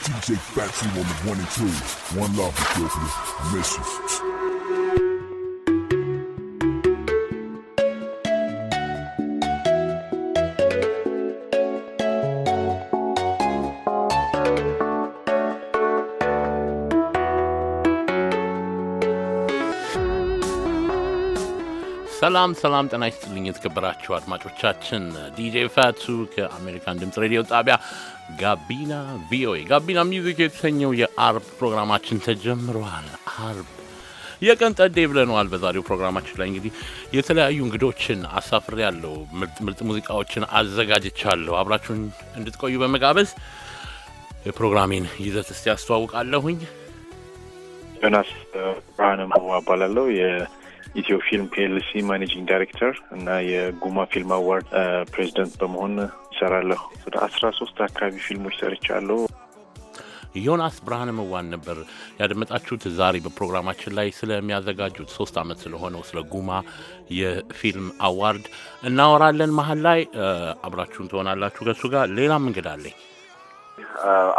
DJ Fatsy on the one and two. One love, Brooklyn. I miss you. ሰላም ሰላም፣ ጤና ይስጥልኝ የተከበራችሁ አድማጮቻችን። ዲጄ ፋቱ ከአሜሪካን ድምፅ ሬዲዮ ጣቢያ ጋቢና ቪኦኤ ጋቢና ሚውዚክ የተሰኘው የአርብ ፕሮግራማችን ተጀምሯል። አርብ የቀን ጠዴ ብለነዋል። በዛሬው ፕሮግራማችን ላይ እንግዲህ የተለያዩ እንግዶችን አሳፍሬ ያለው ምርጥ ምርጥ ሙዚቃዎችን አዘጋጅቻለሁ። አብራችሁን እንድትቆዩ በመጋበዝ የፕሮግራሜን ይዘት እስቲ ያስተዋውቃለሁኝ። ዮናስ ብርሃነ መዋ እባላለሁ። ኢትዮ ፊልም ፒኤልሲ ማኔጂንግ ዳይሬክተር እና የጉማ ፊልም አዋርድ ፕሬዚደንት በመሆን ይሰራለሁ። ወደ አስራ ሶስት አካባቢ ፊልሞች ሰርቻለሁ። ዮናስ ብርሃነ መዋን ነበር ያደመጣችሁት። ዛሬ በፕሮግራማችን ላይ ስለሚያዘጋጁት ሶስት ዓመት ስለሆነው ስለ ጉማ የፊልም አዋርድ እናወራለን። መሀል ላይ አብራችሁን ትሆናላችሁ። ከእሱ ጋር ሌላም እንግዳ አለኝ።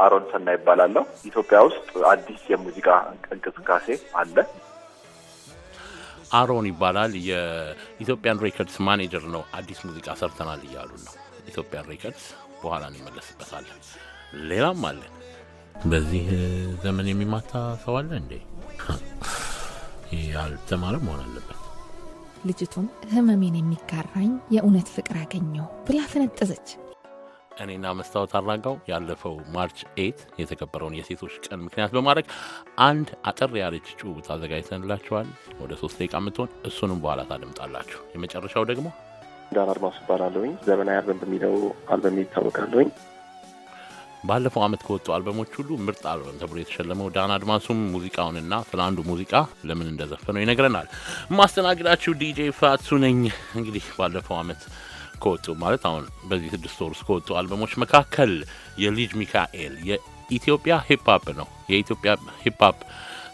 አሮን ሰና ይባላለሁ። ኢትዮጵያ ውስጥ አዲስ የሙዚቃ እንቅስቃሴ አለ አሮን ይባላል። የኢትዮጵያን ሬከርድስ ማኔጀር ነው። አዲስ ሙዚቃ ሰርተናል እያሉ ነው። ኢትዮጵያን ሬከርድስ በኋላ እንመለስበታለን። ሌላም አለን። በዚህ ዘመን የሚማታ ሰው አለ እንዴ? ያልተማረ መሆን አለበት። ልጅቱም ህመሜን የሚጋራኝ የእውነት ፍቅር አገኘው ብላ ፈነጠዘች። እኔና መስታወት አራጋው ያለፈው ማርች ኤት የተከበረውን የሴቶች ቀን ምክንያት በማድረግ አንድ አጠር ያለች ጭውውት አዘጋጅተንላችኋል። ወደ ሶስት ደቂቃ የምትሆን እሱንም በኋላ ታደምጣላችሁ። የመጨረሻው ደግሞ ዳር አድማሱ ይባላለሁኝ። ዘመናዊ አልበም በሚለው አልበም ይታወቃለሁኝ። ባለፈው ዓመት ከወጡ አልበሞች ሁሉ ምርጥ አልበም ተብሎ የተሸለመው ዳን አድማሱም ሙዚቃውንና ስለ አንዱ ሙዚቃ ለምን እንደዘፈነው ይነግረናል። ማስተናግዳችሁ ዲጄ ፋቱ ነኝ። እንግዲህ ባለፈው ዓመት ከወጡ ማለት አሁን በዚህ ስድስት ወር ውስጥ ከወጡ አልበሞች መካከል የልጅ ሚካኤል የኢትዮጵያ ሂፕሀፕ ነው። የኢትዮጵያ ሂፕሀፕ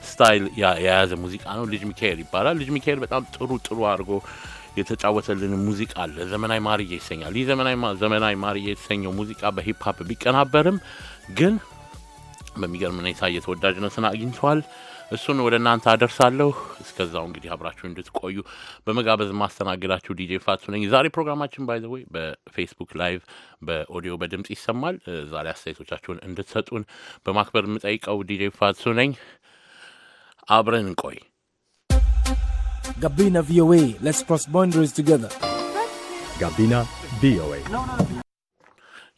ስታይል የያዘ ሙዚቃ ነው። ልጅ ሚካኤል ይባላል። ልጅ ሚካኤል በጣም ጥሩ ጥሩ አድርጎ የተጫወተልን ሙዚቃ አለ። ዘመናዊ ማርዬ ይሰኛል። ይህ ዘመናዊ ማርዬ የተሰኘው ሙዚቃ በሂፕሀፕ ቢቀናበርም ግን በሚገርም ሁኔታ የተወዳጅነትን አግኝተዋል። እሱን ወደ እናንተ አደርሳለሁ። እስከዛው እንግዲህ አብራችሁ እንድትቆዩ በመጋበዝ ማስተናገዳችሁ ዲጄ ፋቱ ነኝ። ዛሬ ፕሮግራማችን ባይ ዘ ወይ በፌስቡክ ላይቭ በኦዲዮ በድምፅ ይሰማል። ዛሬ አስተያየቶቻችሁን እንድትሰጡን በማክበር የምጠይቀው ዲጄ ፋቱ ነኝ። አብረን እንቆይ። ጋቢና ቪኦኤ ሌትስ ፕሮስ ቦንደሪስ ቱገር ጋቢና ቪኦኤ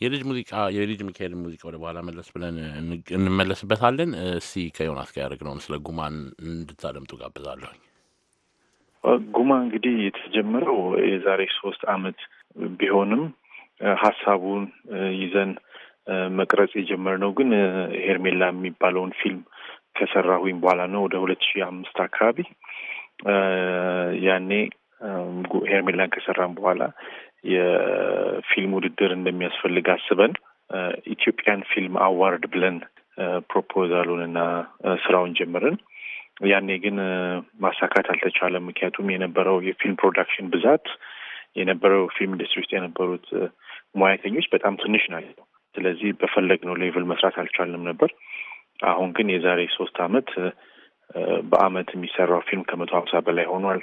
የልጅ ሙዚቃ የልጅ ሚካኤል ሙዚቃ ወደ በኋላ መለስ ብለን እንመለስበታለን። እስቲ ከዮናስ ጋር ያደረግነውን ስለ ጉማን እንድታደምጡ ጋብዛለሁኝ። ጉማ እንግዲህ የተጀመረው የዛሬ ሶስት አመት ቢሆንም ሀሳቡን ይዘን መቅረጽ የጀመርነው ግን ሄርሜላ የሚባለውን ፊልም ከሰራሁኝ በኋላ ነው። ወደ ሁለት ሺህ አምስት አካባቢ ያኔ ሄርሜላን ከሰራን በኋላ የፊልም ውድድር እንደሚያስፈልግ አስበን ኢትዮጵያን ፊልም አዋርድ ብለን ፕሮፖዛሉን እና ስራውን ጀምርን። ያኔ ግን ማሳካት አልተቻለም። ምክንያቱም የነበረው የፊልም ፕሮዳክሽን ብዛት የነበረው ፊልም ኢንዱስትሪ ውስጥ የነበሩት ሙያተኞች በጣም ትንሽ ናቸው። ስለዚህ በፈለግነው ሌቭል መስራት አልቻልንም ነበር። አሁን ግን የዛሬ ሶስት አመት በአመት የሚሰራው ፊልም ከመቶ ሀምሳ በላይ ሆኗል።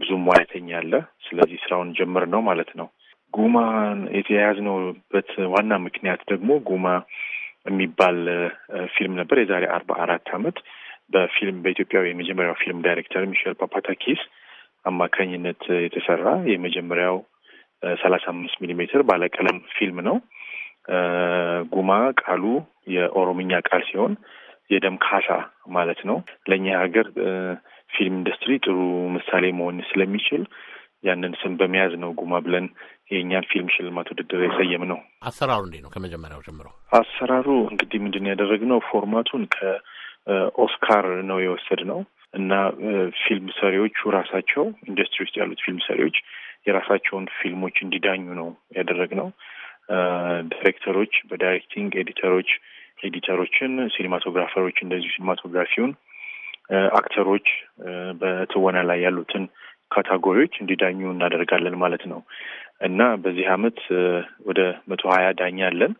ብዙም ሙያተኛ አለ። ስለዚህ ስራውን ጀምር ነው ማለት ነው። ጉማን የተያያዝነውበት ዋና ምክንያት ደግሞ ጉማ የሚባል ፊልም ነበር የዛሬ አርባ አራት ዓመት በፊልም በኢትዮጵያዊ የመጀመሪያው ፊልም ዳይሬክተር ሚሼል ፓፓታኪስ አማካኝነት የተሰራ የመጀመሪያው ሰላሳ አምስት ሚሊ ሜትር ባለቀለም ፊልም ነው። ጉማ ቃሉ የኦሮምኛ ቃል ሲሆን የደም ካሳ ማለት ነው። ለእኛ ሀገር ፊልም ኢንዱስትሪ ጥሩ ምሳሌ መሆን ስለሚችል ያንን ስም በመያዝ ነው ጉማ ብለን የእኛን ፊልም ሽልማት ውድድር የሰየም ነው። አሰራሩ እንዴት ነው? ከመጀመሪያው ጀምሮ አሰራሩ እንግዲህ ምንድን ነው ፎርማቱን ከኦስካር ነው ነው እና ፊልም ሰሪዎቹ ራሳቸው ኢንዱስትሪ ውስጥ ያሉት ፊልም ሰሪዎች የራሳቸውን ፊልሞች እንዲዳኙ ነው ነው። ዳይሬክተሮች በዳይሬክቲንግ ኤዲተሮች ኤዲተሮችን፣ ሲኒማቶግራፈሮች እንደዚሁ ሲኒማቶግራፊውን አክተሮች በትወና ላይ ያሉትን ካታጎሪዎች እንዲዳኙ እናደርጋለን ማለት ነው እና በዚህ አመት ወደ መቶ ሀያ ዳኛ አለን።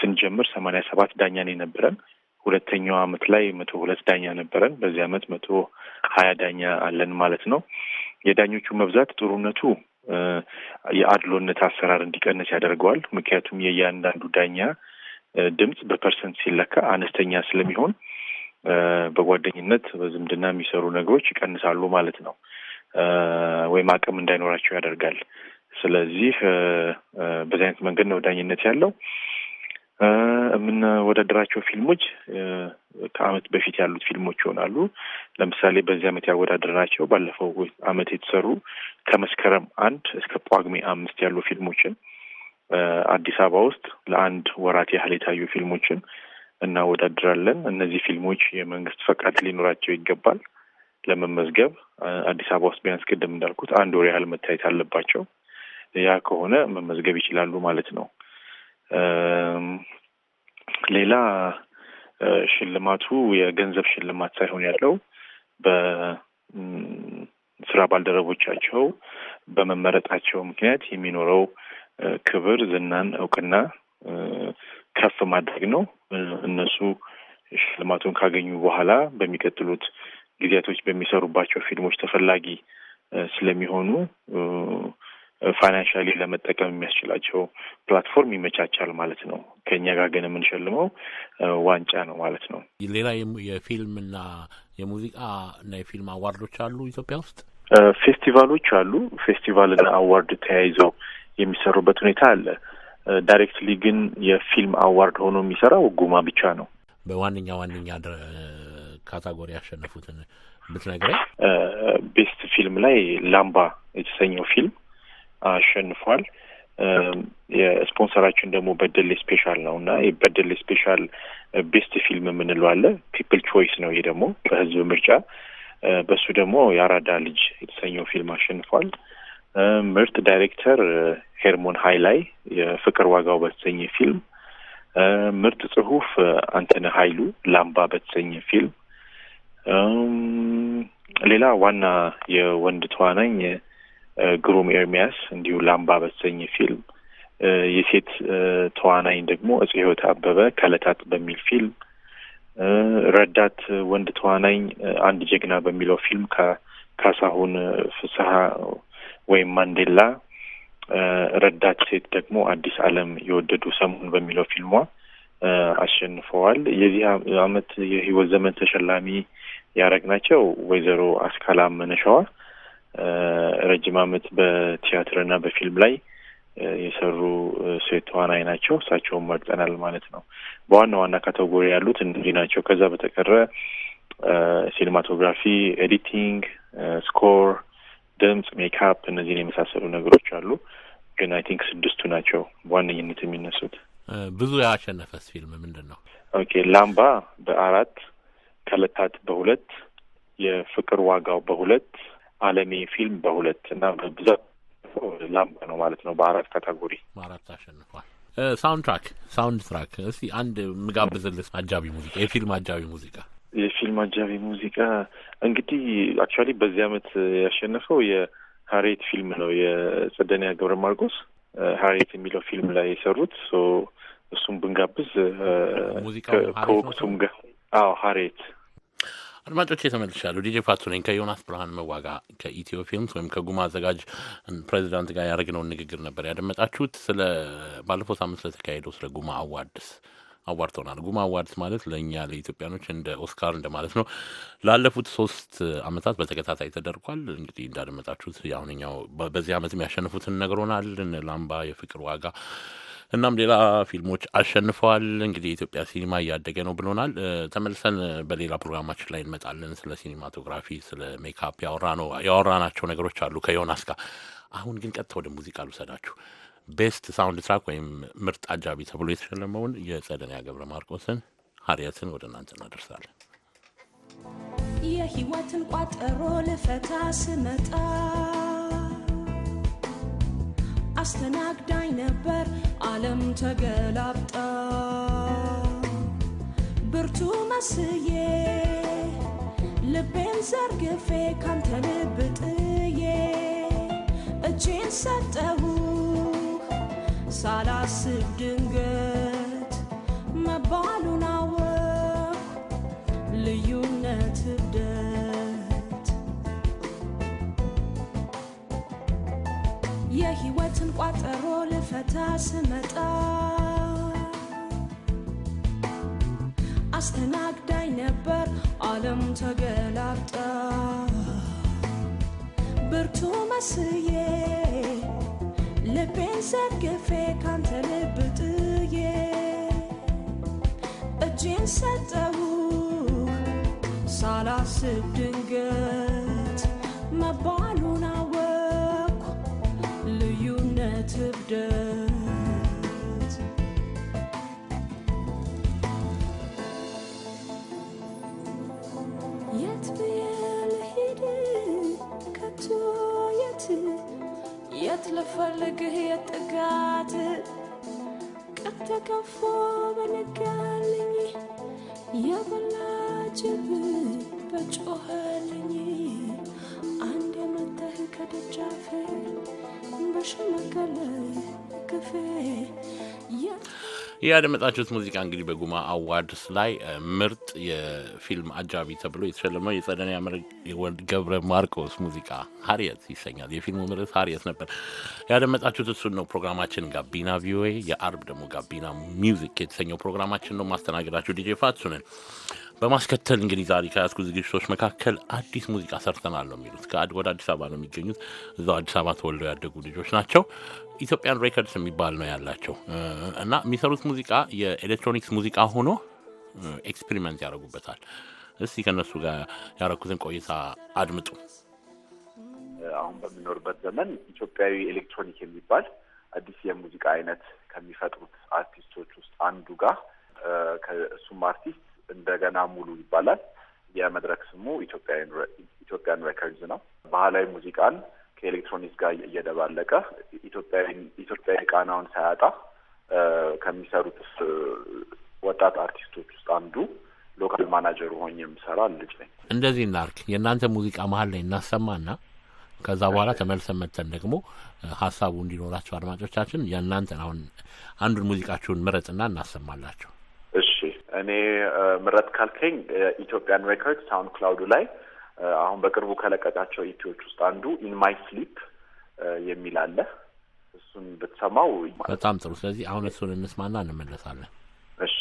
ስንጀምር ሰማንያ ሰባት ዳኛ ነው የነበረን። ሁለተኛው አመት ላይ መቶ ሁለት ዳኛ ነበረን። በዚህ አመት መቶ ሀያ ዳኛ አለን ማለት ነው። የዳኞቹ መብዛት ጥሩነቱ የአድሎነት አሰራር እንዲቀንስ ያደርገዋል። ምክንያቱም የእያንዳንዱ ዳኛ ድምፅ በፐርሰንት ሲለካ አነስተኛ ስለሚሆን በጓደኝነት በዝምድና የሚሰሩ ነገሮች ይቀንሳሉ ማለት ነው፣ ወይም አቅም እንዳይኖራቸው ያደርጋል። ስለዚህ በዚህ አይነት መንገድ ነው ዳኝነት ያለው። የምናወዳደራቸው ፊልሞች ከአመት በፊት ያሉት ፊልሞች ይሆናሉ። ለምሳሌ በዚህ አመት ያወዳደርናቸው ባለፈው አመት የተሰሩ ከመስከረም አንድ እስከ ጳጉሜ አምስት ያሉ ፊልሞችን አዲስ አበባ ውስጥ ለአንድ ወራት ያህል የታዩ ፊልሞችን እናወዳድራለን። እነዚህ ፊልሞች የመንግስት ፈቃድ ሊኖራቸው ይገባል። ለመመዝገብ አዲስ አበባ ውስጥ ቢያንስ ቅድም እንዳልኩት አንድ ወር ያህል መታየት አለባቸው። ያ ከሆነ መመዝገብ ይችላሉ ማለት ነው። ሌላ ሽልማቱ የገንዘብ ሽልማት ሳይሆን ያለው በስራ ባልደረቦቻቸው በመመረጣቸው ምክንያት የሚኖረው ክብር፣ ዝናን፣ እውቅና ከፍ ማድረግ ነው። እነሱ ሽልማቱን ካገኙ በኋላ በሚቀጥሉት ጊዜያቶች በሚሰሩባቸው ፊልሞች ተፈላጊ ስለሚሆኑ ፋይናንሻሊ ለመጠቀም የሚያስችላቸው ፕላትፎርም ይመቻቻል ማለት ነው። ከእኛ ጋር ግን የምንሸልመው ዋንጫ ነው ማለት ነው። ሌላ የፊልምና የሙዚቃ እና የፊልም አዋርዶች አሉ ኢትዮጵያ ውስጥ ፌስቲቫሎች አሉ። ፌስቲቫልና አዋርድ ተያይዘው የሚሰሩበት ሁኔታ አለ። ዳይሬክትሊ ግን የፊልም አዋርድ ሆኖ የሚሰራው ጉማ ብቻ ነው። በዋነኛ ዋነኛ ካታጎሪ ያሸነፉትን ብትነግረኝ። ቤስት ፊልም ላይ ላምባ የተሰኘው ፊልም አሸንፏል። የስፖንሰራችን ደግሞ በደሌ ስፔሻል ነው እና በደሌ ስፔሻል ቤስት ፊልም የምንለው አለ። ፒፕል ቾይስ ነው ይሄ ደግሞ በህዝብ ምርጫ። በሱ ደግሞ የአራዳ ልጅ የተሰኘው ፊልም አሸንፏል። ምርጥ ዳይሬክተር ሄርሞን ሀይላይ የፍቅር ዋጋው በተሰኘ ፊልም፣ ምርጥ ጽሁፍ አንተነህ ሀይሉ ላምባ በተሰኘ ፊልም፣ ሌላ ዋና የወንድ ተዋናኝ ግሩም ኤርሚያስ እንዲሁ ላምባ በተሰኘ ፊልም፣ የሴት ተዋናኝ ደግሞ እጽ ህይወት አበበ ከለታት በሚል ፊልም፣ ረዳት ወንድ ተዋናኝ አንድ ጀግና በሚለው ፊልም ከካሳሁን ፍስሀ ወይም ማንዴላ ረዳት ሴት ደግሞ አዲስ አለም የወደዱ ሰሞን በሚለው ፊልሟ አሸንፈዋል። የዚህ አመት የህይወት ዘመን ተሸላሚ ናቸው። ወይዘሮ አስካላ መነሻዋ ረጅም አመት በቲያትርና በፊልም ላይ የሰሩ ሴት ተዋናይ ናቸው። እሳቸውን መርጠናል ማለት ነው። በዋና ዋና ካቴጎሪ ያሉት እነዚህ ናቸው። ከዛ በተቀረ ሲኒማቶግራፊ፣ ኤዲቲንግ፣ ስኮር ድምጽ፣ ሜካፕ እነዚህን የመሳሰሉ ነገሮች አሉ። ግን አይ ቲንክ ስድስቱ ናቸው በዋነኝነት የሚነሱት። ብዙ ያሸነፈስ ፊልም ምንድን ነው? ኦኬ ላምባ በአራት ከለታት በሁለት የፍቅር ዋጋው በሁለት አለሜ ፊልም በሁለት እና በብዛት ላምባ ነው ማለት ነው። በአራት ካታጎሪ በአራት አሸንፏል። ሳውንድ ትራክ ሳውንድ ትራክ እስቲ አንድ ምጋብዝልስ አጃቢ ሙዚቃ የፊልም አጃቢ ሙዚቃ የፊልም አጃቢ ሙዚቃ እንግዲህ አክቹዋሊ በዚህ አመት ያሸነፈው የሀሬት ፊልም ነው። የጸደኒያ ገብረ ማርቆስ ሀሬት የሚለው ፊልም ላይ የሰሩት እሱም ብንጋብዝ ከወቅቱም ጋር አዎ ሀሬት አድማጮች የተመልሻሉ። ዲጄ ፋቱ ነኝ። ከዮናስ ብርሃን መዋጋ ከኢትዮ ፊልምስ ወይም ከጉማ አዘጋጅ ፕሬዚዳንት ጋር ያደረግነውን ንግግር ነበር ያደመጣችሁት። ስለ ባለፈው ሳምንት ስለተካሄደው ስለ ጉማ አዋድስ አዋርተውናል። ጉማ አዋርድ ማለት ለእኛ ለኢትዮጵያኖች እንደ ኦስካር እንደማለት ነው። ላለፉት ሶስት አመታት በተከታታይ ተደርጓል። እንግዲህ እንዳደመጣችሁት አሁንኛው በዚህ አመት የሚያሸንፉትን ነግሮናል። ላምባ፣ የፍቅር ዋጋ እናም ሌላ ፊልሞች አሸንፈዋል። እንግዲህ የኢትዮጵያ ሲኒማ እያደገ ነው ብሎናል። ተመልሰን በሌላ ፕሮግራማችን ላይ እንመጣለን። ስለ ሲኒማቶግራፊ፣ ስለ ሜካፕ ያወራናቸው ነገሮች አሉ ከዮናስ ጋር። አሁን ግን ቀጥታ ወደ ሙዚቃ ልውሰዳችሁ። ቤስት ሳውንድ ትራክ ወይም ምርጥ አጃቢ ተብሎ የተሸለመውን የጸደንያ ገብረ ማርቆስን ሀርየትን ወደ እናንተ እናደርሳለን። የህይወትን ቋጠሮ ልፈታ ስመጣ አስተናግዳኝ ነበር ዓለም ተገላብጣ ብርቱ መስዬ ልቤን ዘርግፌ ካንተ ልብ ጥዬ እጄን ሰጠሁ ሳላስብ ድንገት መባሉን አወኩ ልዩነት እብደት የህይወትን ቋጠሮ ልፈታ ስመጣ አስተናግዳኝ ነበር ዓለም ተገላብጣ ብርቱ መስዬ ልቤን ሰግፌ ካንተ ልብ ጥዬ እጄን ሰጠው ሳላስብ ድንገት መባሉን አወቅኩ ልዩነት እብደት Yabala, Jim. ይህ ያደመጣችሁት ሙዚቃ እንግዲህ በጉማ አዋርድስ ላይ ምርጥ የፊልም አጃቢ ተብሎ የተሸለመው የጸደኒያ ገብረ ማርቆስ ሙዚቃ ሀርየት ይሰኛል። የፊልሙ ምርት ሀርየት ነበር። ያደመጣችሁት እሱን ነው። ፕሮግራማችን ጋቢና ቪኦኤ፣ የአርብ ደግሞ ጋቢና ሚውዚክ የተሰኘው ፕሮግራማችን ነው። ማስተናገዳችሁ ዲጄ ፋትሱንን በማስከተል እንግዲህ ዛሬ ከያዝኩ ዝግጅቶች መካከል አዲስ ሙዚቃ ሰርተናል ነው የሚሉት። ወደ አዲስ አበባ ነው የሚገኙት። እዛው አዲስ አበባ ተወልደው ያደጉ ልጆች ናቸው። ኢትዮጵያን ሬከርድስ የሚባል ነው ያላቸው እና የሚሰሩት ሙዚቃ የኤሌክትሮኒክስ ሙዚቃ ሆኖ ኤክስፔሪመንት ያደርጉበታል። እስቲ ከእነሱ ጋር ያረኩትን ቆይታ አድምጡ። አሁን በምኖርበት ዘመን ኢትዮጵያዊ ኤሌክትሮኒክ የሚባል አዲስ የሙዚቃ አይነት ከሚፈጥሩት አርቲስቶች ውስጥ አንዱ ጋር ከእሱም አርቲስት እንደገና ሙሉ ይባላል። የመድረክ ስሙ ኢትዮጵያን ሬከርድስ ነው። ባህላዊ ሙዚቃን ከኤሌክትሮኒክስ ጋር እየደባለቀ ኢትዮጵያዊ ቃናውን ሳያጣ ከሚሰሩት ወጣት አርቲስቶች ውስጥ አንዱ ሎካል ማናጀሩ ሆኜ የምሰራ ልጅ ነኝ። እንደዚህ እናርክ የእናንተ ሙዚቃ መሀል ላይ እናሰማና ከዛ በኋላ ተመልሰን መተን ደግሞ ሀሳቡ እንዲኖራቸው አድማጮቻችን የእናንተን አሁን አንዱን ሙዚቃችሁን ምረጥና እናሰማላቸው። እኔ ምረት ካልከኝ ኢትዮጵያን ሬኮርድ ሳውንድ ክላውዱ ላይ አሁን በቅርቡ ከለቀቃቸው ኢፒዎች ውስጥ አንዱ ኢን ማይ ስሊፕ የሚል አለ። እሱን ብትሰማው በጣም ጥሩ። ስለዚህ አሁን እሱን እንስማና እንመለሳለን። እሺ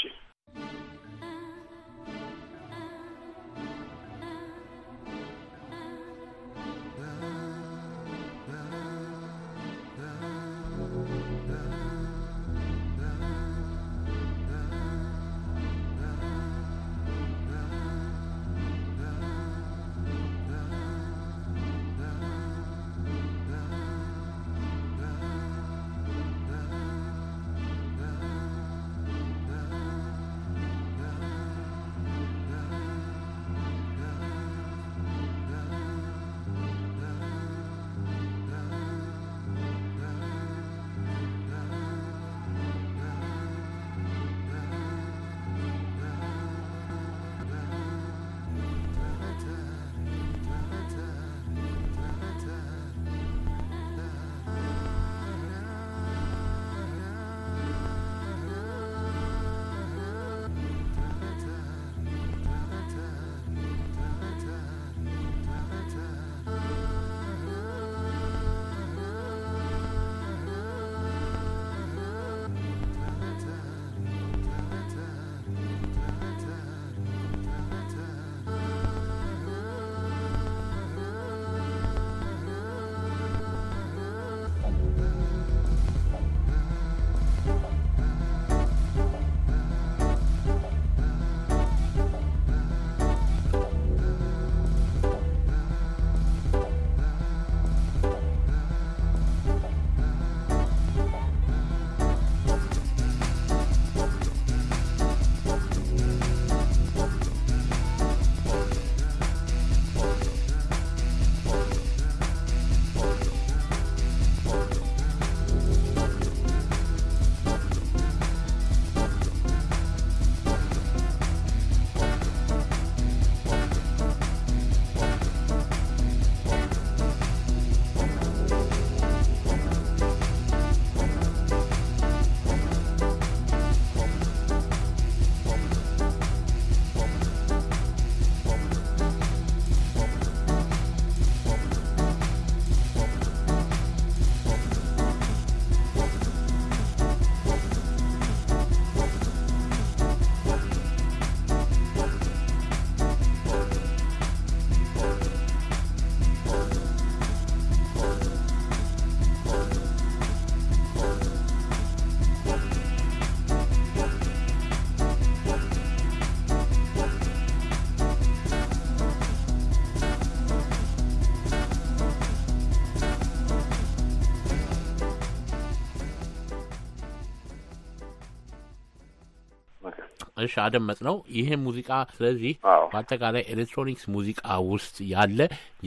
እሺ፣ አደመጥ ነው ይሄ ሙዚቃ። ስለዚህ በአጠቃላይ ኤሌክትሮኒክስ ሙዚቃ ውስጥ ያለ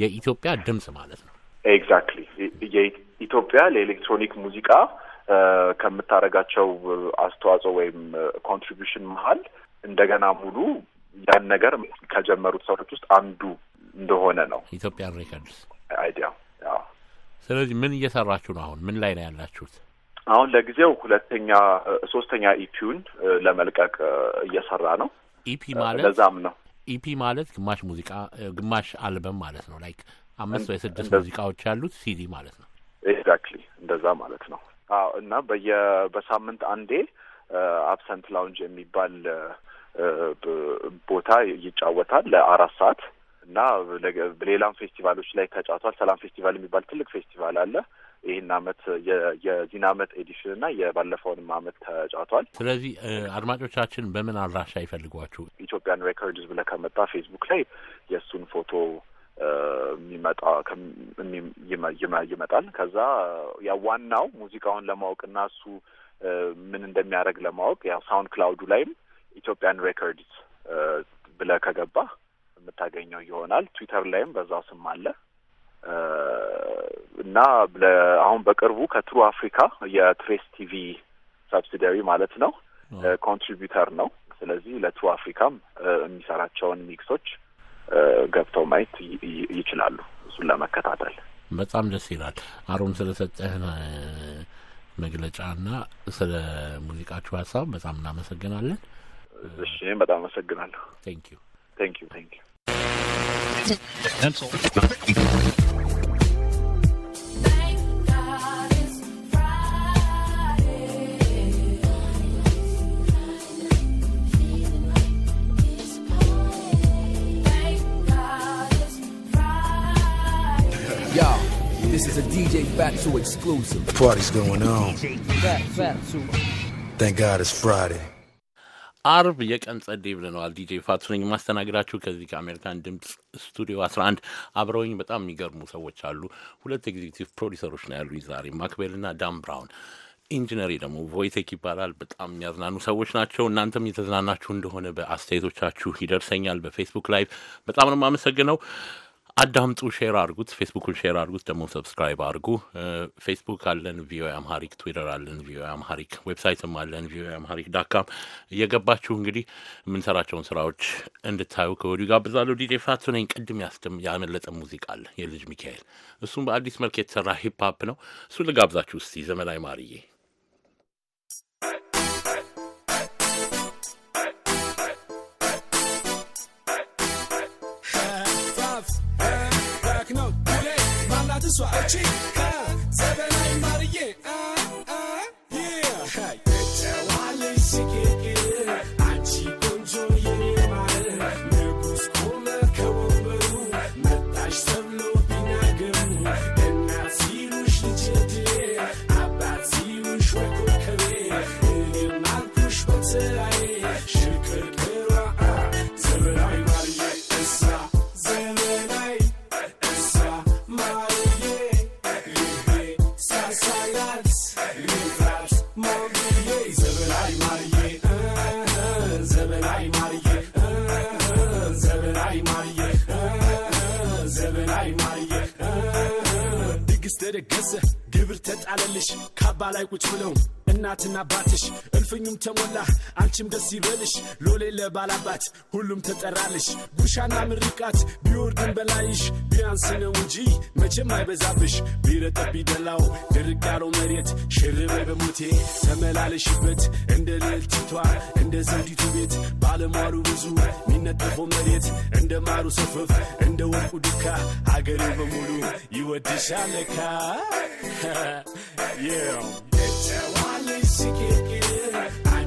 የኢትዮጵያ ድምጽ ማለት ነው። ኤግዛክትሊ የኢትዮጵያ ለኤሌክትሮኒክ ሙዚቃ ከምታደርጋቸው አስተዋጽኦ ወይም ኮንትሪቢሽን መሀል እንደገና ሙሉ ያን ነገር ከጀመሩት ሰዎች ውስጥ አንዱ እንደሆነ ነው ኢትዮጵያን ሬከርድስ አይዲያ። ስለዚህ ምን እየሰራችሁ ነው አሁን? ምን ላይ ነው ያላችሁት? አሁን ለጊዜው ሁለተኛ ሶስተኛ ኢፒውን ለመልቀቅ እየሰራ ነው። ኢፒ ማለት ለዛም ነው ኢፒ ማለት ግማሽ ሙዚቃ ግማሽ አልበም ማለት ነው። ላይክ አምስት ወይ ስድስት ሙዚቃዎች ያሉት ሲዲ ማለት ነው። ኤግዛክትሊ እንደዛ ማለት ነው። አዎ እና በየ በሳምንት አንዴ አብሰንት ላውንጅ የሚባል ቦታ ይጫወታል ለአራት ሰዓት እና ሌላም ፌስቲቫሎች ላይ ተጫቷል ሰላም ፌስቲቫል የሚባል ትልቅ ፌስቲቫል አለ ይህን አመት የዚህን አመት ኤዲሽን እና የባለፈውንም አመት ተጫቷል። ስለዚህ አድማጮቻችን በምን አድራሻ ይፈልጓችሁ? ኢትዮጵያን ሬኮርድስ ብለህ ከመጣ ፌስቡክ ላይ የእሱን ፎቶ የሚመጣ ይመጣል። ከዛ ያ ዋናው ሙዚቃውን ለማወቅ እና እሱ ምን እንደሚያደርግ ለማወቅ ያው ሳውንድ ክላውዱ ላይም ኢትዮጵያን ሬኮርድስ ብለህ ከገባ የምታገኘው ይሆናል። ትዊተር ላይም በዛው ስም አለ። እና አሁን በቅርቡ ከትሩ አፍሪካ የትሬስ ቲቪ ሰብሲዳሪ ማለት ነው ኮንትሪቢዩተር ነው። ስለዚህ ለትሩ አፍሪካም የሚሰራቸውን ሚክሶች ገብተው ማየት ይችላሉ፣ እሱን ለመከታተል በጣም ደስ ይላል። አሮን ስለሰጠህን መግለጫና ስለ ሙዚቃችሁ ሀሳብ በጣም እናመሰግናለን። እሺ፣ በጣም አመሰግናለሁ። ቴንክ ዩ ቴንክ ዩ ቴንክ ዩ This is a DJ Fatso exclusive. The party's going on. Fat, Fatso. Thank God it's Friday. አርብ የቀን ጸደይ ብለነዋል። ዲጄ ፋቱ ነኝ የማስተናግዳችሁ ከዚህ ከአሜሪካን ድምፅ ስቱዲዮ 11 አብረውኝ በጣም የሚገርሙ ሰዎች አሉ። ሁለት ኤግዚኪቲቭ ፕሮዲሰሮች ነው ያሉኝ ዛሬ ማክቤል ማክቤልና ዳም ብራውን ኢንጂነሪ ደግሞ ቮይቴክ ይባላል። በጣም የሚያዝናኑ ሰዎች ናቸው። እናንተም የተዝናናችሁ እንደሆነ በአስተያየቶቻችሁ ይደርሰኛል። በፌስቡክ ላይቭ በጣም ነው የማመሰግነው። አዳምጡ፣ ሼር አድርጉት። ፌስቡኩን ሼር አድርጉት፣ ደግሞ ሰብስክራይብ አድርጉ። ፌስቡክ አለን ቪኦኤ አምሃሪክ፣ ትዊተር አለን ቪኦኤ አምሃሪክ፣ ዌብሳይትም አለን ቪኦኤ አምሃሪክ ዳካም። እየገባችሁ እንግዲህ የምንሰራቸውን ስራዎች እንድታዩ ከወዲሁ ጋብዛለሁ። ዲጄ ፋቱ ነኝ። ቅድም ያስደም ያመለጠ ሙዚቃ አለ የልጅ ሚካኤል፣ እሱም በአዲስ መልክ የተሰራ ሂፕ ነው። እሱን ልጋብዛችሁ እስቲ ዘመናዊ ማርዬ de sua arte. Zé Belém Maria. Yeah. Hey, it's a wild and ተሞላ አንቺም ደስ ይበልሽ ሎሌ ለባላባት ሁሉም ተጠራልሽ ቡሻና ምርቃት ቢወርድን በላይሽ ቢያንስ ነው እንጂ መቼም አይበዛብሽ ቢረጠብ ቢደላው ድርጋሎ ያለው መሬት ሽርበይ በሞቴ ተመላለሽበት እንደ ልዕልቲቷ እንደ ዘውዲቱ ቤት ባለሟሉ ብዙ የሚነጠፈው መሬት እንደ ማሩ ሰፈፍ እንደ ወርቁ ዱካ ሀገሬው በሙሉ ይወድሻል yeah.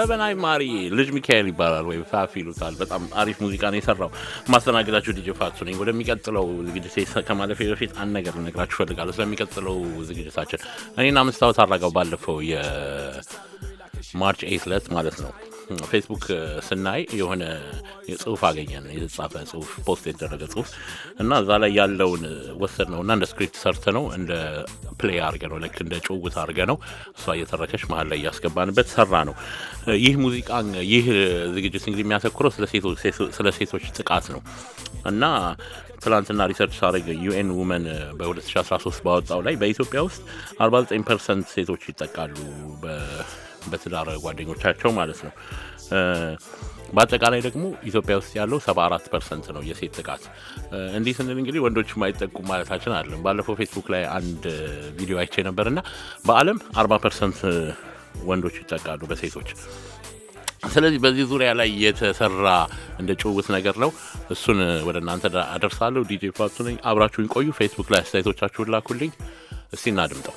ገበናይ ማሪ ልጅ ሚካኤል ይባላል ወይም ፋፊ ይሉታል። በጣም አሪፍ ሙዚቃ ነው የሰራው። ማስተናገዳችሁ ዲጄ ፋቱ ነኝ። ወደሚቀጥለው ዝግጅት ከማለፌ በፊት አንድ ነገር ልነግራችሁ እፈልጋለሁ። ስለሚቀጥለው ዝግጅታችን እኔና መስታወት አድራጋው ባለፈው የማርች ኤት ዕለት ማለት ነው ፌስቡክ ስናይ የሆነ ጽሁፍ አገኘን፣ የተጻፈ ጽሁፍ፣ ፖስት የተደረገ ጽሁፍ እና እዛ ላይ ያለውን ወሰድ ነው እና እንደ ስክሪፕት ሰርተ ነው እንደ ፕሌይ አርገ ነው ልክ እንደ ጭውውት አርገ ነው እሷ እየተረከች መሀል ላይ እያስገባንበት ሰራ ነው። ይህ ሙዚቃ ይህ ዝግጅት እንግዲህ የሚያተኩረው ስለ ሴቶች ጥቃት ነው እና ትላንትና ሪሰርች ሳደረግ ዩኤን ውመን በ2013 ባወጣው ላይ በኢትዮጵያ ውስጥ 49 ፐርሰንት ሴቶች ይጠቃሉ በትዳር ጓደኞቻቸው ማለት ነው። በአጠቃላይ ደግሞ ኢትዮጵያ ውስጥ ያለው 74 ፐርሰንት ነው የሴት ጥቃት። እንዲህ ስንል እንግዲህ ወንዶች አይጠቁም ማለታችን አይደለም። ባለፈው ፌስቡክ ላይ አንድ ቪዲዮ አይቼ ነበርና በዓለም 40 ፐርሰንት ወንዶች ይጠቃሉ በሴቶች። ስለዚህ በዚህ ዙሪያ ላይ የተሰራ እንደ ጭውውት ነገር ነው። እሱን ወደ እናንተ አደርሳለሁ። ዲጄ ፋቱ ነኝ። አብራችሁኝ ቆዩ። ፌስቡክ ላይ አስተያየቶቻችሁን ላኩልኝ። እስቲ እናድምጠው።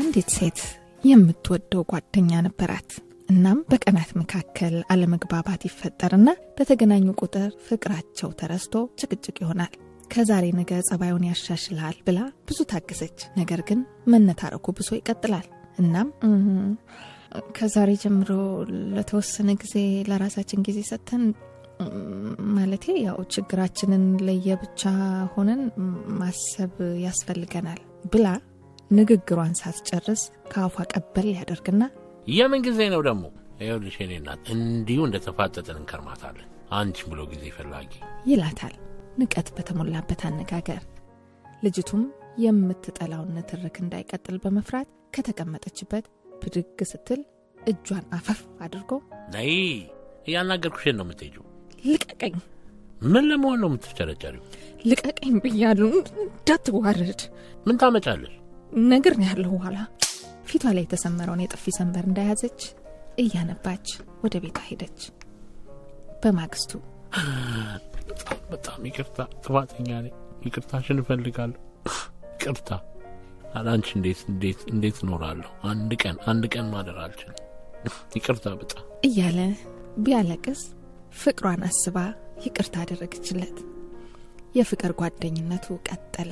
አንዲት ሴት የምትወደው ጓደኛ ነበራት። እናም በቀናት መካከል አለመግባባት ይፈጠርና በተገናኙ ቁጥር ፍቅራቸው ተረስቶ ጭቅጭቅ ይሆናል። ከዛሬ ነገ ጸባዩን ያሻሽልሃል ብላ ብዙ ታገሰች። ነገር ግን መነታረኩ ብሶ ይቀጥላል። እናም ከዛሬ ጀምሮ ለተወሰነ ጊዜ ለራሳችን ጊዜ ሰጥተን ማለቴ ያው ችግራችንን ለየብቻ ሆነን ማሰብ ያስፈልገናል ብላ ንግግሯን ሳትጨርስ ከአፏ ቀበል ያደርግና የምን ጊዜ ነው ደግሞ ይኸውልሽ፣ የኔ እናት እንዲሁ እንደ ተፋጠጥን እንከርማታለን ብሎ ጊዜ ፈላጊ ይላታል፣ ንቀት በተሞላበት አነጋገር። ልጅቱም የምትጠላውን ንትርክ እንዳይቀጥል በመፍራት ከተቀመጠችበት ብድግ ስትል እጇን አፈፍ አድርጎ ነይ፣ እያናገርኩሽን ነው የምትሄጂው። ልቀቀኝ። ምን ለመሆን ነው የምትፍጨረጨሪው? ልቀቀኝ ብያሉ፣ እንዳትዋረድ። ምን ታመጫለሽ? ነገር ነው ያለው። በኋላ ፊቷ ላይ የተሰመረውን የጥፊ ሰንበር እንደያዘች እያነባች ወደ ቤቷ ሄደች። በማግስቱ በጣም ይቅርታ፣ ጥፋተኛ ነኝ፣ ይቅርታሽን እፈልጋለሁ፣ ይቅርታ። አላንቺ እንዴት እንዴት እንዴት እኖራለሁ? አንድ ቀን አንድ ቀን ማደር አልችልም፣ ይቅርታ በጣም እያለ ቢያለቅስ ፍቅሯን አስባ ይቅርታ አደረገችለት። የፍቅር ጓደኝነቱ ቀጠለ፣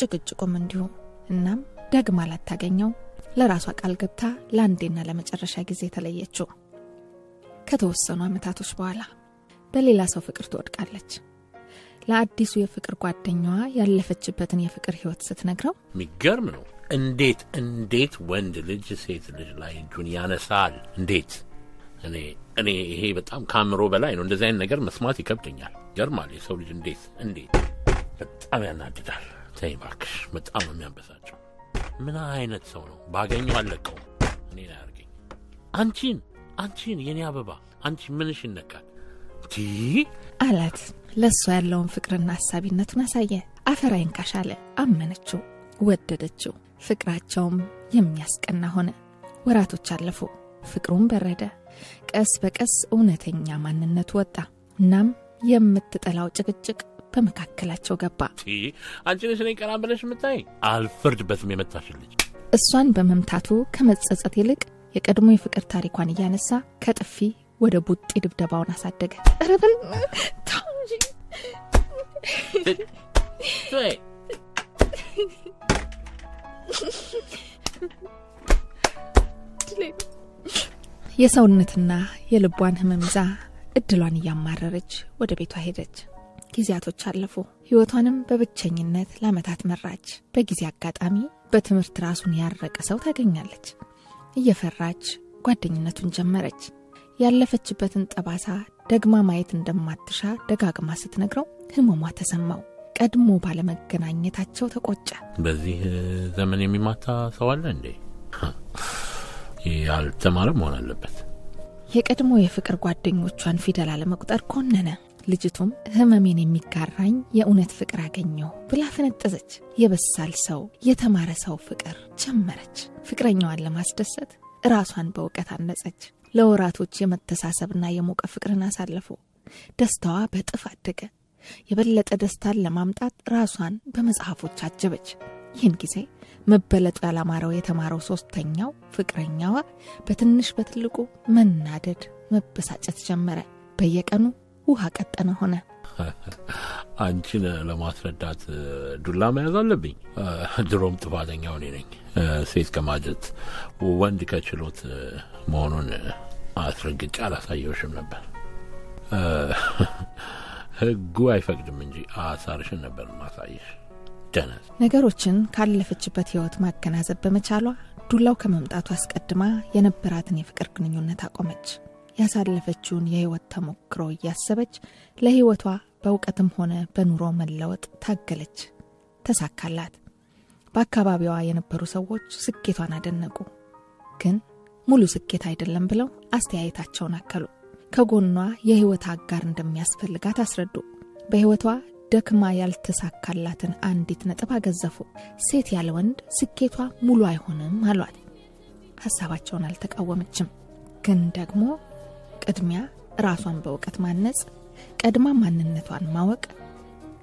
ጭቅጭቁም እንዲሁም እናም ደግማ ላታገኘው ለራሷ ቃል ገብታ ለአንዴና ለመጨረሻ ጊዜ የተለየችው ከተወሰኑ ዓመታቶች በኋላ በሌላ ሰው ፍቅር ትወድቃለች። ለአዲሱ የፍቅር ጓደኛዋ ያለፈችበትን የፍቅር ህይወት ስትነግረው የሚገርም ነው። እንዴት እንዴት ወንድ ልጅ ሴት ልጅ ላይ እጁን ያነሳል? እንዴት እኔ እኔ ይሄ በጣም ከአእምሮ በላይ ነው። እንደዚህ አይነት ነገር መስማት ይከብደኛል። ገርማል። የሰው ልጅ እንዴት እንዴት በጣም ያናድዳል። ተይ እባክሽ፣ በጣም ነው የሚያበሳጨው። ምን አይነት ሰው ነው? ባገኘው አለቀው። እኔ ላይ አድርገኝ። አንቺን አንቺን የኔ አበባ አንቺ ምንሽ ይነካል ቲ አላት። ለእሷ ያለውን ፍቅርና ሀሳቢነቱን አሳየ። አፈር አይንካሽ አለ። አመነችው፣ ወደደችው። ፍቅራቸውም የሚያስቀና ሆነ። ወራቶች አለፉ። ፍቅሩም በረደ። ቀስ በቀስ እውነተኛ ማንነቱ ወጣ። እናም የምትጠላው ጭቅጭቅ በመካከላቸው ገባ። አንቺ ነሽ እኔን ቀና ብለሽ የምታይ አልፈርድበትም የመታሽ ልጅ። እሷን በመምታቱ ከመጸጸት ይልቅ የቀድሞ የፍቅር ታሪኳን እያነሳ ከጥፊ ወደ ቡጢ ድብደባውን አሳደገ። የሰውነትና የልቧን ህመም ይዛ እድሏን እያማረረች ወደ ቤቷ ሄደች። ጊዜያቶች አለፉ። ሕይወቷንም በብቸኝነት ለዓመታት መራች። በጊዜ አጋጣሚ በትምህርት ራሱን ያረቀ ሰው ታገኛለች። እየፈራች ጓደኝነቱን ጀመረች። ያለፈችበትን ጠባሳ ደግማ ማየት እንደማትሻ ደጋግማ ስትነግረው ህመሟ ተሰማው። ቀድሞ ባለመገናኘታቸው ተቆጨ። በዚህ ዘመን የሚማታ ሰው አለ እንዴ? ያልተማረ መሆን አለበት። የቀድሞ የፍቅር ጓደኞቿን ፊደል አለመቁጠር ኮነነ። ልጅቱም ህመሜን የሚጋራኝ የእውነት ፍቅር አገኘው ብላ ፈነጠዘች። የበሳል ሰው የተማረ ሰው ፍቅር ጀመረች። ፍቅረኛዋን ለማስደሰት ራሷን በእውቀት አነጸች። ለወራቶች የመተሳሰብና የሞቀ ፍቅርን አሳለፉ። ደስታዋ በጥፍ አደገ። የበለጠ ደስታን ለማምጣት ራሷን በመጽሐፎች አጀበች። ይህን ጊዜ መበለጡ ያላማረው የተማረው ሶስተኛው ፍቅረኛዋ በትንሽ በትልቁ መናደድ፣ መበሳጨት ጀመረ። በየቀኑ ውሃ ቀጠነ ሆነ። አንቺን ለማስረዳት ዱላ መያዝ አለብኝ። ድሮም ጥፋተኛው እኔ ነኝ። ሴት ከማጀት ወንድ ከችሎት መሆኑን አስረግጬ አላሳየውሽም ነበር። ህጉ አይፈቅድም እንጂ አሳርሽን ነበር ማሳየሽ። ደነዝ ነገሮችን ካለፈችበት ህይወት ማገናዘብ በመቻሏ ዱላው ከመምጣቱ አስቀድማ የነበራትን የፍቅር ግንኙነት አቆመች። ያሳለፈችውን የህይወት ተሞክሮ እያሰበች ለህይወቷ በእውቀትም ሆነ በኑሮ መለወጥ ታገለች። ተሳካላት። በአካባቢዋ የነበሩ ሰዎች ስኬቷን አደነቁ። ግን ሙሉ ስኬት አይደለም ብለው አስተያየታቸውን አከሉ። ከጎኗ የህይወት አጋር እንደሚያስፈልጋት አስረዱ። በህይወቷ ደክማ ያልተሳካላትን አንዲት ነጥብ አገዘፉ። ሴት ያለ ወንድ ስኬቷ ሙሉ አይሆንም አሏት። ሀሳባቸውን አልተቃወመችም። ግን ደግሞ ቅድሚያ ራሷን በእውቀት ማነጽ፣ ቀድማ ማንነቷን ማወቅ፣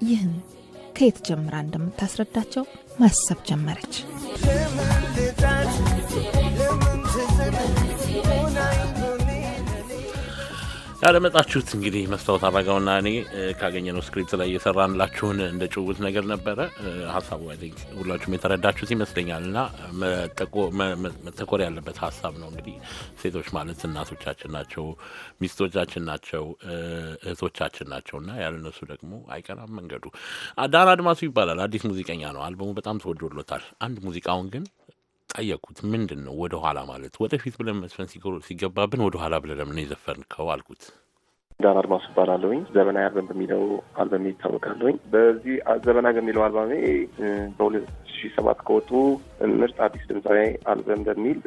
ይህን ከየት ጀምራ እንደምታስረዳቸው ማሰብ ጀመረች። ያደመጣችሁት እንግዲህ መስታወት አረጋውና እኔ ካገኘነው ስክሪፕት ላይ እየሰራንላችሁን እንደ ጭውት ነገር ነበረ። ሀሳቡ ሁላችሁም የተረዳችሁት ይመስለኛል እና መተኮር ያለበት ሀሳብ ነው። እንግዲህ ሴቶች ማለት እናቶቻችን ናቸው፣ ሚስቶቻችን ናቸው፣ እህቶቻችን ናቸው እና ያለነሱ ደግሞ አይቀራም መንገዱ። ዳን አድማሱ ይባላል። አዲስ ሙዚቀኛ ነው። አልበሙ በጣም ተወዶሎታል። አንድ ሙዚቃውን ግን ጠየቅኩት። ምንድን ነው ወደኋላ ማለት? ወደፊት ብለን መስፈን ሲገባብን ወደኋላ ብለን ለምን የዘፈንከው አልኩት። ዳን አድማስ ይባላለሁኝ። ዘመናዊ አልበም በሚለው አልበሜ ይታወቃለሁኝ። በዚህ ዘመናዊ በሚለው አልበሜ በሁለት ሺህ ሰባት ከወጡ ምርጥ አዲስ ድምፃዊ አልበም በሚል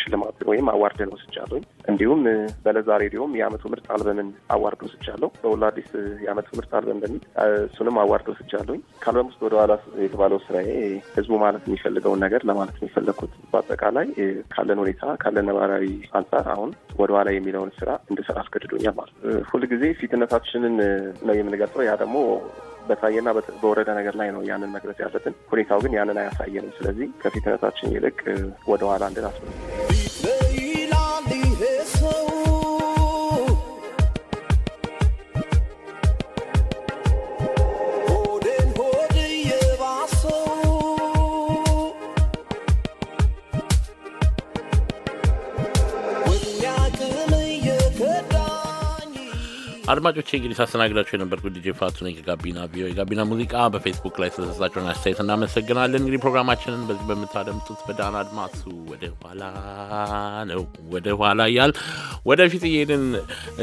ሽልማት ወይም አዋርድን ወስጃለሁኝ። እንዲሁም በለዛ ሬዲዮም የአመቱ ምርጥ አልበምን አዋርድ ወስጃለሁ። በሁሉ አዲስ የአመቱ ምርጥ አልበም በሚል እሱንም አዋርድ ወስጃለሁኝ። ከአልበም ውስጥ ወደኋላ የተባለው ስራዬ ህዝቡ ማለት የሚፈልገውን ነገር ለማለት የሚፈለግኩት በአጠቃላይ ካለን ሁኔታ ካለን ነባራዊ አንጻር አሁን ወደኋላ የሚለውን ስራ እንድሰራ አስገድዶኛል ማለት ነበር። ሁልጊዜ ፊትነታችንን ነው የምንገልጸው። ያ ደግሞ በታየና በወረደ ነገር ላይ ነው ያንን መግለጽ ያለብን። ሁኔታው ግን ያንን አያሳየንም። ስለዚህ ከፊትነታችን ይልቅ ወደኋላ እንድን አስብ አድማጮች እንግዲህ ሳስተናግዳቸው የነበርኩት ዲጄ ፋቱ ነኝ። የጋቢና ቪዮ የጋቢና ሙዚቃ በፌስቡክ ላይ ስለሰጣቸውን አስተያየት እናመሰግናለን። እንግዲህ ፕሮግራማችንን በዚህ በምታደምጡት በዳን አድማሱ ወደ ኋላ ነው ወደ ኋላ እያል ወደፊት እየሄድን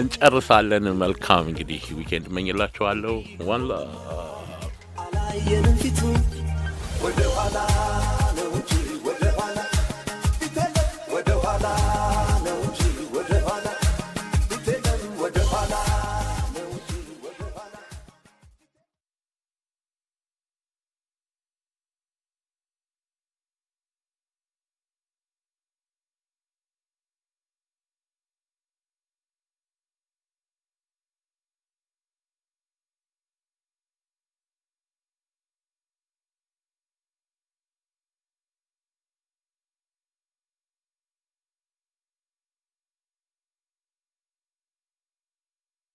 እንጨርሳለን። መልካም እንግዲህ ዊኬንድ እመኝላችኋለሁ። ኋላ